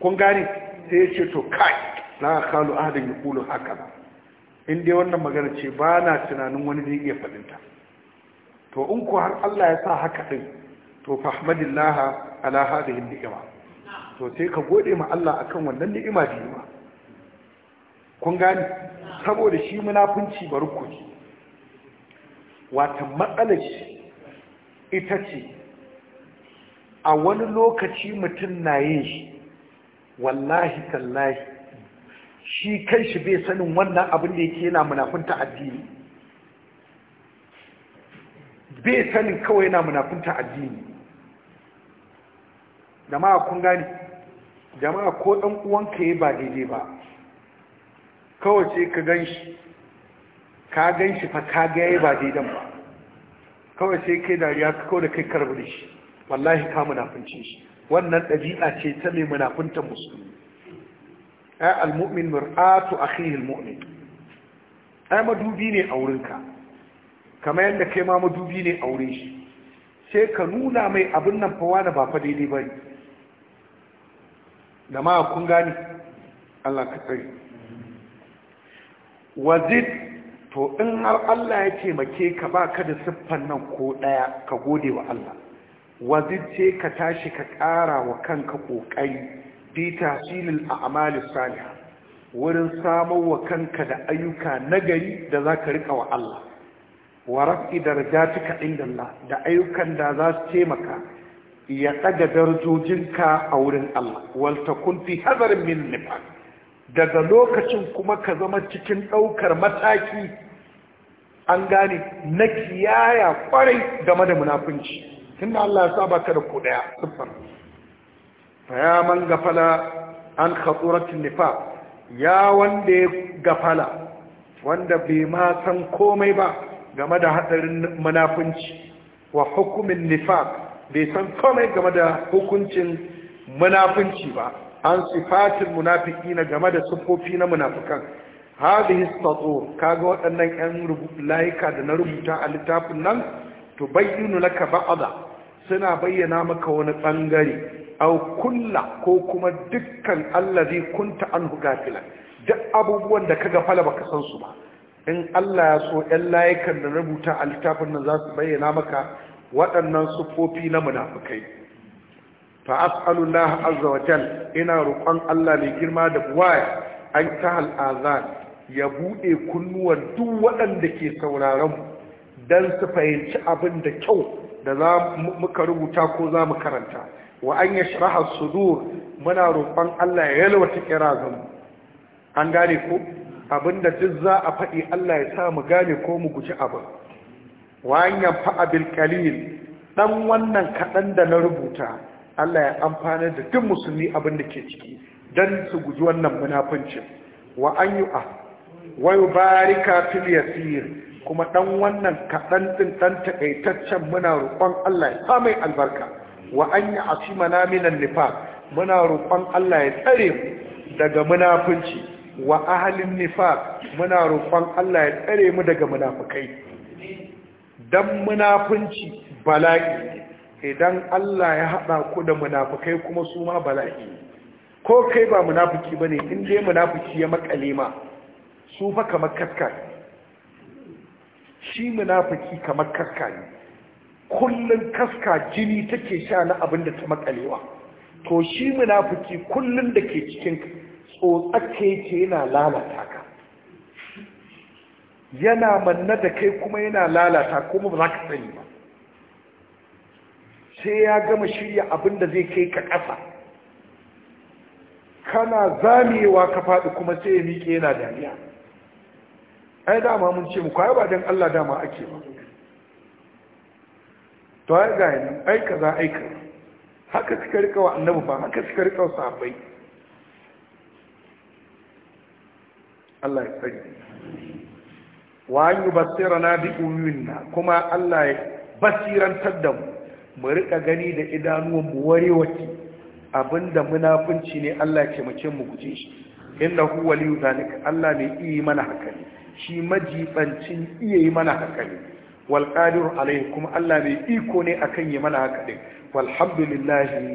kun gane sai ya ce to kai na kalu ahadin ulu haka in dai wannan magana ce ba na tunanin wani zai iya fadinta to in ku har Allah ya sa haka din to fahmadillaha ala hadhihi ni'ima to sai ka gode ma Allah akan wannan ni'ima da yi kun gane. saboda shi munafunci bari ku ji wata matsalar shi ita ce a wani lokaci mutum na yin shi wallahi tallahi shi kai shi bai sanin wannan abin da yake yana munafunta addini bai sanin kawai yana munafunta addini jama'a kun gani jama'a ko ɗan uwanka ya ba daidai ba kawai sai ka gan shi ka gan shi fa ka ga ba daidan ba kawai sai kai dariya ka kawai da kai karbi shi wallahi ka munafunce shi wannan ɗabi'a ce ta mai munafunta musulmi ai almu'min muratu akhihi almu'min ai madubi ne a wurinka kamar yadda kai ma madubi ne a wurin shi sai ka nuna mai abin nan fa wani ba fa daidai bane da ma kun gani Allah ka tsare wazid to in har Allah ya taimake ka baka da siffan nan ko daya ka gode wa Allah wazice ka tashi ka ƙara wa kanka ƙoƙari fi tasirin amalin Saniya, wurin samun wa kanka da ayyuka nagari da za ka riƙa wa Allah wa rafi darajatuka inda Allah da ayyukan da za su taimaka ya ɗaga ka a wurin Allah walta kun fi hazarin min nifaq daga lokacin kuma ka zama cikin ɗaukar mataki an gane na kiyaya kwarai game da munafunci tunda Allah ya saba ka da ku daya siffar fa ya man gafala an khaturatin nifa. ya wanda ya gafala wanda bai ma san komai ba game da hadarin munafunci wa hukumin nifaq bai san komai game da hukuncin munafunci ba an sifatin munafiki na game da sufofi na munafukan hadhihi ka kaga waɗannan 'yan layika da na rubuta a littafin nan tubayyinu laka ba'da suna bayyana maka wani ɓangare, au kulla ko kuma dukkan allazi kunta huga gafila duk abubuwan da kaga fala baka san su ba in Allah ya so ɗan layukan da rubuta a littafin nan za su bayyana maka waɗannan sufofi na munafukai fa as'alullah azza wa jal ina roƙon Allah mai girma da waya an kahal azan ya buɗe kunnuwan duk waɗanda ke sauraron dan su fahimci abin da kyau da za muka rubuta ko za mu karanta wa an ya shiraha sudur muna roƙon Allah ya yalwata kirazin an gane ko abinda duk za a faɗi Allah ya sa mu gane ko mu guji abin wa an a abil kalil dan wannan kaɗan da na rubuta Allah ya amfana da duk musulmi abin da ke ciki don su guji wannan munafincin wa an yi a wayo barika fil yasir kuma ɗan wannan kaɗan ɗin ɗan taƙaitaccen muna roƙon Allah ya sa mai albarka wa an yi asimana minan nifaq muna roƙon Allah ya tsare mu daga munafunci wa ahalin nifaq muna roƙon Allah ya tsare mu daga munafukai dan munafunci bala'i idan Allah ya haɗa ku da munafukai kuma su ma bala'i ko kai ba munafiki bane in dai munafuki ya makale ma su fa kamar kaskar shi munafiki kamar kaska ne kullun kaska jini take sha na abin da ta makalewa to shi munafiki kullun da ke cikin tsotsake yake yana lalata ka yana manna da kai kuma yana lalata kuma ba za ka sani ba sai ya gama shirya abin da zai kai ka ƙasa kana zamewa ka faɗi kuma sai ya miƙe yana dariya ai dama mun ce mu kwaye ba don Allah dama ake ba to ai ga yanin ai kaza ai haka suka rika wa annabi ba haka suka rika wa sahabbai Allah ya tsari wa an yi basira na bi uyunna kuma Allah ya basirantar da mu mu rika gani da idanuwan mu warewaci abinda munafunci ne Allah ya ce mu guje shi innahu waliyu zalika Allah ne yi mana haka ne shi majibancin iya yi mana haka ne wal qadiru kuma Allah mai iko ne akan yi mana haka din walhamdulillahi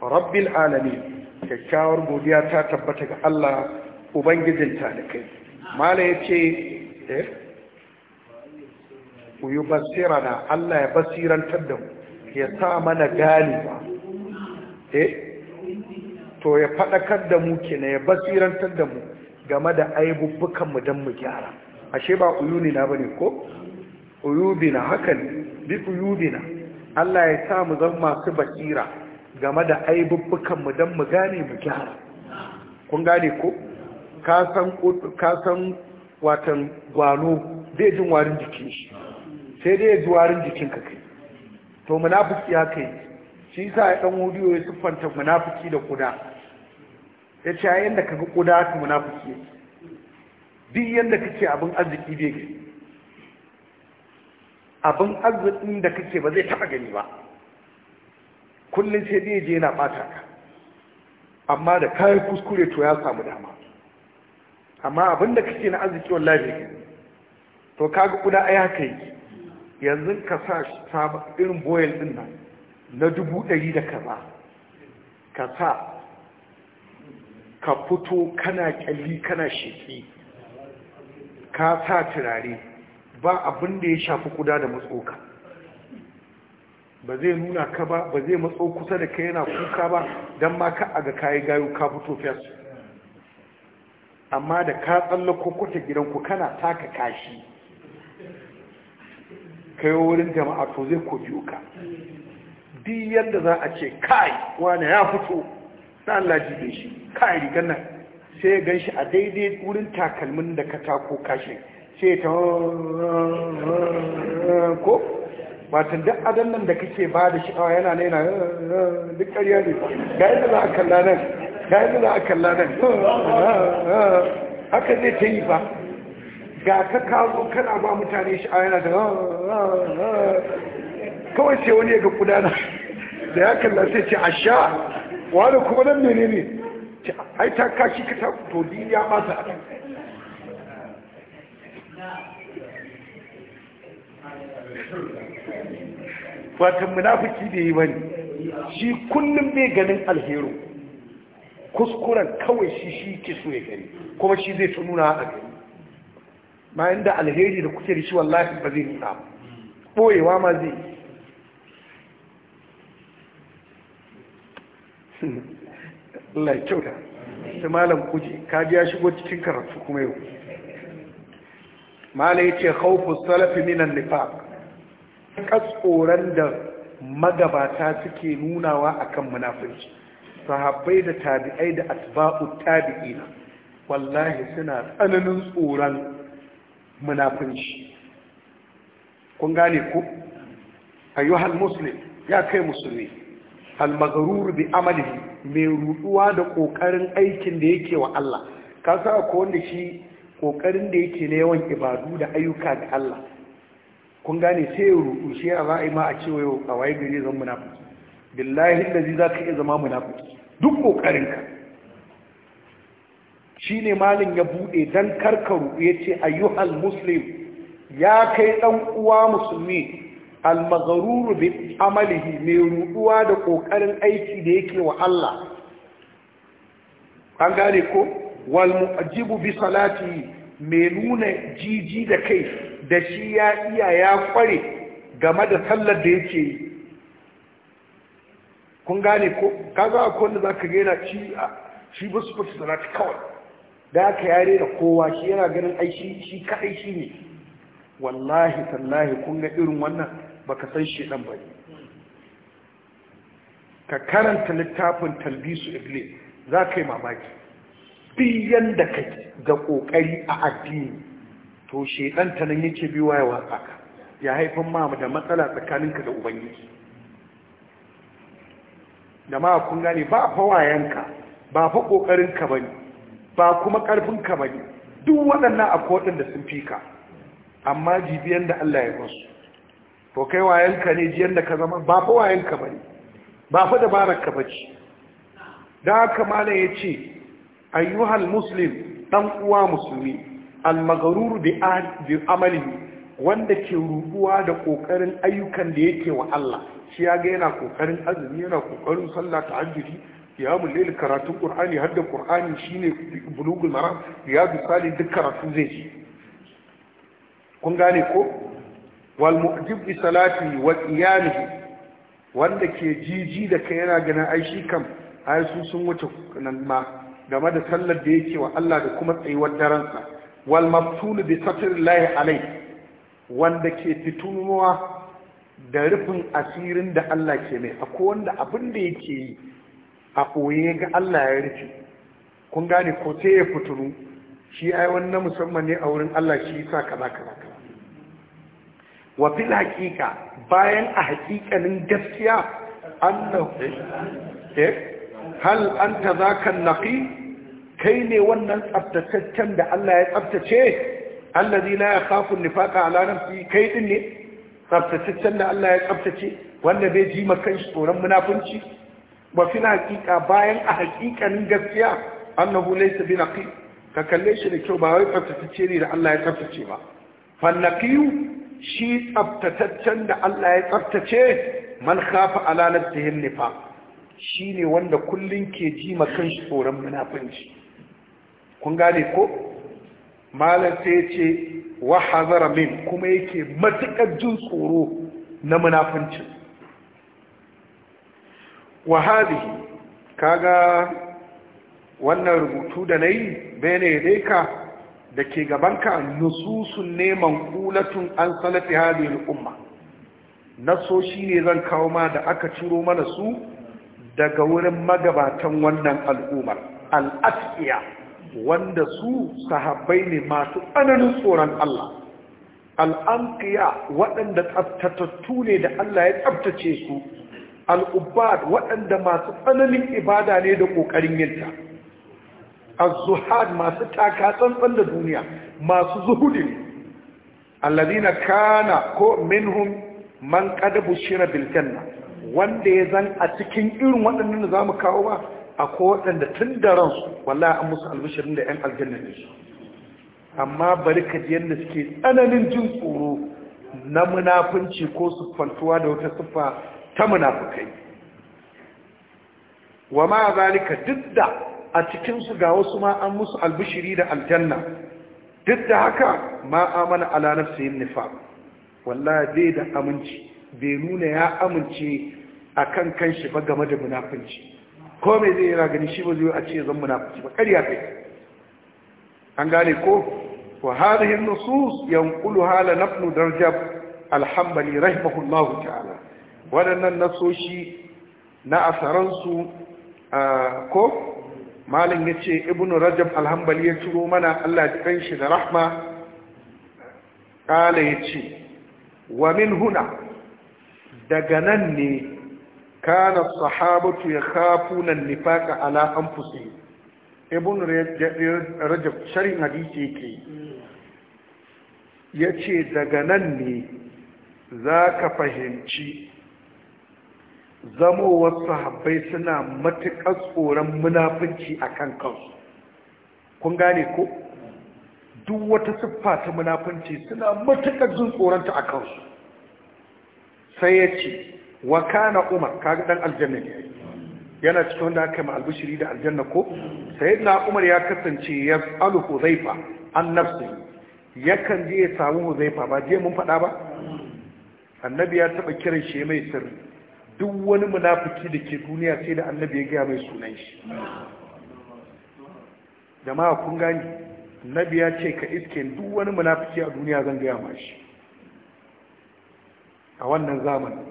rabbil alamin kyakkyawar godiya ta tabbata ga Allah ubangijin talikai mala yace eh uyu basirana Allah ya basirantar da mu ya sa mana galiba eh to ya faɗakar da mu kenan ya basirantar da mu game da aibubbukan mu mu gyara ashe ba uyunina bane ko uyubina hakan bi uyubina Allah ya sa mu zama masu basira game da aibubbukan mu mu gane mu gyara kun gane ko ka san ka san watan gwano zai jin warin jikin shi sai dai ji warin jikin ka kai to munafiki ya kai shi sa ya dan hudiyo ya siffanta munafiki da kuda ya ce yayin da kaga kuda haka munafiki yake duk yadda kake abin arziki bai gani abin arzikin da kake ba zai taɓa gani ba kullum sai dai je yana ɓata ka amma da kayan kuskure to ya samu dama amma abin da kake na arziki wallahi bai gani to kaga kuda ai haka yi. yanzu ka sa sabon irin boyel din nan na dubu ɗari da kaza ka sa ka fito kana kyalli kana sheki ka sa turare ba abin da ya shafi kuda da matsoka ba zai nuna ka ba ba zai matso kusa da ka yana kuka ba don ma ka aga kayi gayo ka fito fes amma da ka tsalla gidan gidanku kana taka kashi kai wurin jama'a to zai kofi ka duk yadda za a ce kai wane ya fito na Allah ji shi a rigar nan sai ya gan shi a daidai wurin takalmin da ka tako kashi sai ta ko watan duk adan nan da kake ba da sha'awa yana ne na duk ƙarya ne ga yi za a kalla nan ga yi za a kalla nan haka zai ta yi ba ga ka kawo kana ba mutane sha'awa yana da kawai sai wani ya ga kudana da ya kalla sai ce a sha wani kuma nan mene ne ai ta kashi ka ta to ya masa a fatan munafiki da yi bane shi kullum bai ganin alheru. kuskuren kawai shi shi ke so ya gani kuma shi zai ta nuna a gani bayan da alheri da kusa da shi wallahi ba zai nuna ɓoyewa ma zai yi Allah ya kyauta ta malam kuji ka ji ya shigo cikin karatu kuma yau mala ya ce haufu salafi minan nifaq ka tsoron da magabata suke nunawa akan munafurci sahabbai da tabi'ai da asba'u tabi'ina wallahi suna tsananin tsoron munafunci kun gane ku ayyuhal muslim ya kai musulmi almagharur bi amalihi mai ruduwa da kokarin aikin da yake wa Allah ka sa ko wanda shi kokarin da yake ne yawan ibadu da ayyuka da Allah kun gane sai ya rudu shi a za'a ma a ce wayo a waye gari zan munafiki billahi allazi zaka iya zama munafiki duk kokarin ka ne malin ya bude dan karkaru yace ayyuhal muslim ya kai dan uwa musulmi almagharuru bi amalihi mai ruduwa da kokarin aiki da yake wa Allah an gane ko wal mu'jibu bi salati mai nuna jiji da kai da shi ya iya ya kware game da sallar da yake yi kun gane ko kaga akwai wanda zaka ga yana ci shi ba su fi salati kawai da aka yare da kowa shi yana ganin aishi, shi kai shi ne wallahi tallahi kun ga irin wannan baka san shi ɗan ba ka karanta littafin talbisu iblis za ka yi mamaki biyan da ka ga kokari a addini to shedan ta nan yake biwa ya watsa ka ya haifan mamu da matsala tsakaninka da ubangiji da ma kun gane ba fa wayanka ba fa ka bane ba kuma ka bane duk waɗannan akwai waɗanda sun fi ka amma jibiyan da Allah ya basu to kai wayanka ne jiyan da ka zama ba fa wayanka ba ne ba fa dabararka ba ce da haka malam ya ce ayyuhal muslim ɗan uwa musulmi almagaruru da amalin wanda ke rubuwa da ƙoƙarin ayyukan da yake wa Allah shi ya ga yana ƙoƙarin azumi yana ƙoƙarin sallah ta hajjuri ya karatun ƙur'ani har da ƙur'ani shi ne bulugul maram ya misali duk karatu zai ji kun gane ko wal mu'jib bi salati wa wanda ke jiji da kai yana ganin ai shi kam ai su sun wuce nan ma game da sallar da yake wa Allah da kuma tsayuwar daren sa wal mabtul bi satrillahi alai wanda ke fitunuwa da rufin asirin da Allah ke mai akwai wanda abin da yake yi a koye ga Allah ya rufe kun gane ko sai ya fitunu shi ai wannan musamman ne a wurin Allah shi yasa kaza kaza wa fil haqiqa bayan a haƙiƙanin gaskiya annahu eh hal an ta za zaka naƙi. kai ne wannan tsaftataccen da Allah ya tsaftace allazi la yakhafu nifaqa ala nafsi kai din ne tsaftataccen da Allah ya tsaftace wanda bai ji makan shi tsoron munafunci ba fi na hakika bayan a haƙiƙanin gaskiya annahu laysa bi naƙi ka kalle shi da kyau ba wai tsaftatacce ne da Allah ya tsaftace ba fa naqiyu shi tsaftataccen da Allah ya tsabtace man khafa ala nafsihi nifa shine wanda kullun ke ji ma kanshi tsoron munafinci kun gane ko malam sai ya ce wa hazara min kuma yake matukar jin tsoro na munafinci wa hadhihi kaga wannan rubutu da nayi bene dai ka da ke gabanka nususun neman kulatun an salafi halin umma nasoshi ne zan kawo ma da aka ciro mana su daga wurin magabatan wannan al'ummar al'afiya wanda su sahabbai ne masu tsananin tsoron Allah al'ankiya waɗanda tsabtattu ne da Allah ya tsabtace su al'ubbad waɗanda masu tsananin ibada ne da ƙoƙarin yinta az-zuhad masu taka tsantsan da duniya masu zuhudi ne alladina kana ko minhum man qad bushira bil janna wanda ya zan a cikin irin waɗannan da zamu kawo ba akwai waɗanda tun da su. wallahi an musu albishirin da yan aljanna ne amma bari ka ji yadda suke tsananin jin tsoro na munafunci ko siffantuwa da wata sifa ta munafukai wa ma zalika duk da a cikinsu ga wasu ma an musu albishiri da aljanna duk da haka ma amana ala nufa. nifaq wallahi bai da aminci bai nuna ya amince akan kanshi ba game da munafinci ko mai zai yana gani shi ba zai a ce zan munafinci ba kariya kai an gane ko wa hadhihi nusus yanquluha hala nafnu darjab al rahimahullahu ta'ala wadannan nasoshi na asaransu ah, ko malin ya ce ibn rajab alhambali ya ciro mana allah ya kan shi da rahma ƙala ya ce wa min huna daga nan ne kana sahabatu ya kafu nan nifaka ala an ibn rajab shari hadisi yake ya ce daga nan ne za ka fahimci zamowar sahabbai suna matuƙar tsoron munafunci a kan kansu kun gane ko duk wata siffa ta munafunci suna matuƙar jin tsoronta a kansu sai ya ce wa kana umar kaga ɗan aljanna ne yana cikin wanda aka ma albishiri da aljanna ko na umar ya kasance ya alu huzaifa an nafsi yakan je ya samu huzaifa ba je mun faɗa ba annabi ya taɓa kiran shi mai sirri duk wani munafiki da ke duniya sai da annabi ya gaya mai sunan shi jama'a kun gani annabi ya ce ka iske duk wani munafiki a duniya zan gaya ma shi a wannan zamanin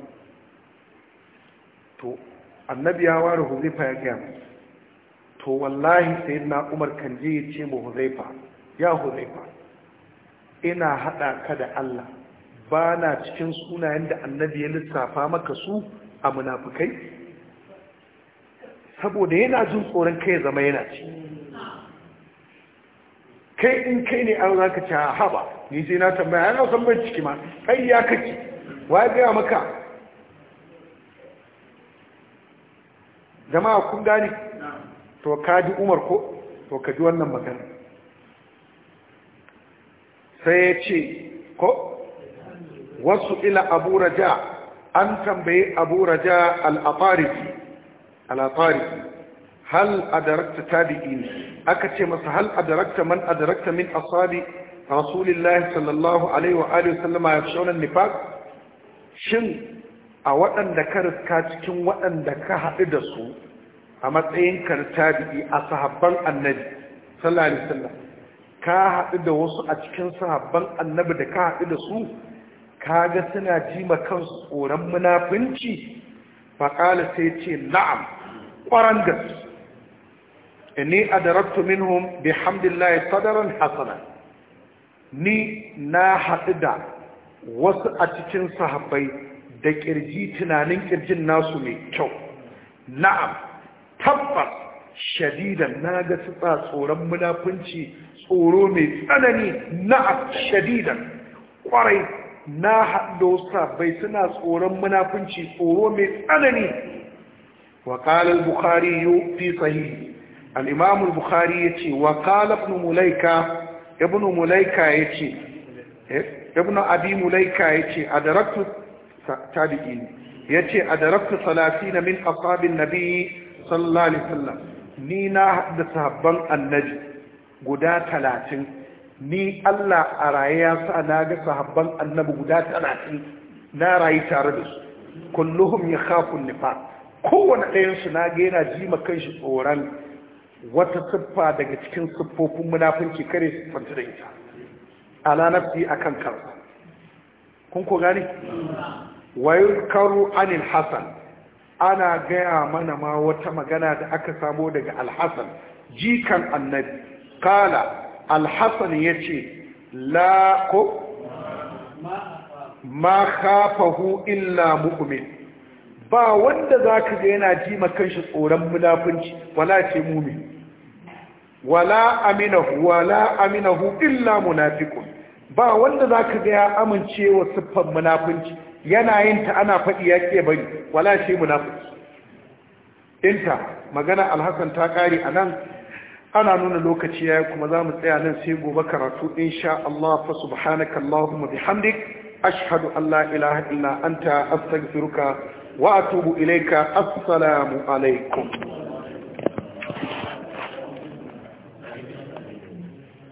to annabi ya ware huzaifa ya gaya mai to wallahi na umar kan je ya ce ma huzaifa ya huzaifa ina haɗa ka da allah ba na cikin sunayen da annabi ya lissafa maka su a munafukai saboda yana jin tsoron kai ya zama yana ci kai in kai ne an zaka ci a haba ni sai na tambaya yana san bai ciki ma kai ya kaci wa ya gaya maka jama'a kun gane to ka ji umar ko to ka ji wannan magana sai ya ce ko wasu ila abu raja an tambaye abu raja al'afariki al'afariki hal adarakta tabi'in aka ce masa hal adarakta man adarakta min asabi rasulillahi sallallahu alaihi wa alihi sallama ya shaunan nifaq shin a waɗanda ka riska cikin waɗanda ka haɗu da su a matsayin kartabi'i a sahabban annabi sallallahu alaihi wasallam ka haɗu da wasu a cikin sahabban annabi da ka haɗu da su kaga suna ji ma kansu tsoron munafinci faƙala sai ce na'am ƙwaran gasu. ni a minhum bi hamdillahi sadaran hasana ni na haɗu da wasu a cikin sahabbai da ƙirji tunanin ƙirjin nasu mai kyau na'am tabbas shadidan na ga tsatsa tsoron munafunci tsoro mai tsanani na'am shadidan ƙwarai na haɗo sabai suna tsoron munafunci tsoro mai tsanani wa kalal bukari yi fi sahi al'imamul bukari ya ce waƙala kalaf mulaika ibn ya ce eh, ibn abi mulaika ya ce a daraktu tabi'i ya ce a daraktu salafi na min asabin nabi sallallahu alaihi sallam ni na haɗa sahabban annabi guda talatin ni Allah a raye ya sa na ga sahabban annabi guda talatin na rayu tare da su kulluhum ya khafun nifa kowane ɗayan su na ga yana ji ma kanshi tsoron wata siffa daga cikin siffofin munafunci kare su fanta da ita ala nafsi akan kansa kun ko gane wa karu anil hasan ana gaya mana ma wata magana da aka samo daga alhasan jikan annabi kala alhassan ya ce la ko ma khafahu illa mu'min ba wanda za ka ga yana ji kanshi tsoron munafunci wala ce mu'min wala aminahu wala aminahu illa munafiqun ba wanda za ka ga ya amince wa siffan munafunci yana yin ta ana faɗi yake bari wala ce munafiki inta magana alhassan ta kare anan ana nuna lokaci yayi kuma za mu tsaya nan sai gobe karatu insha Allah fa subhanaka allahumma bihamdik ashhadu an la ilaha illa anta astaghfiruka wa atubu ilayka assalamu alaikum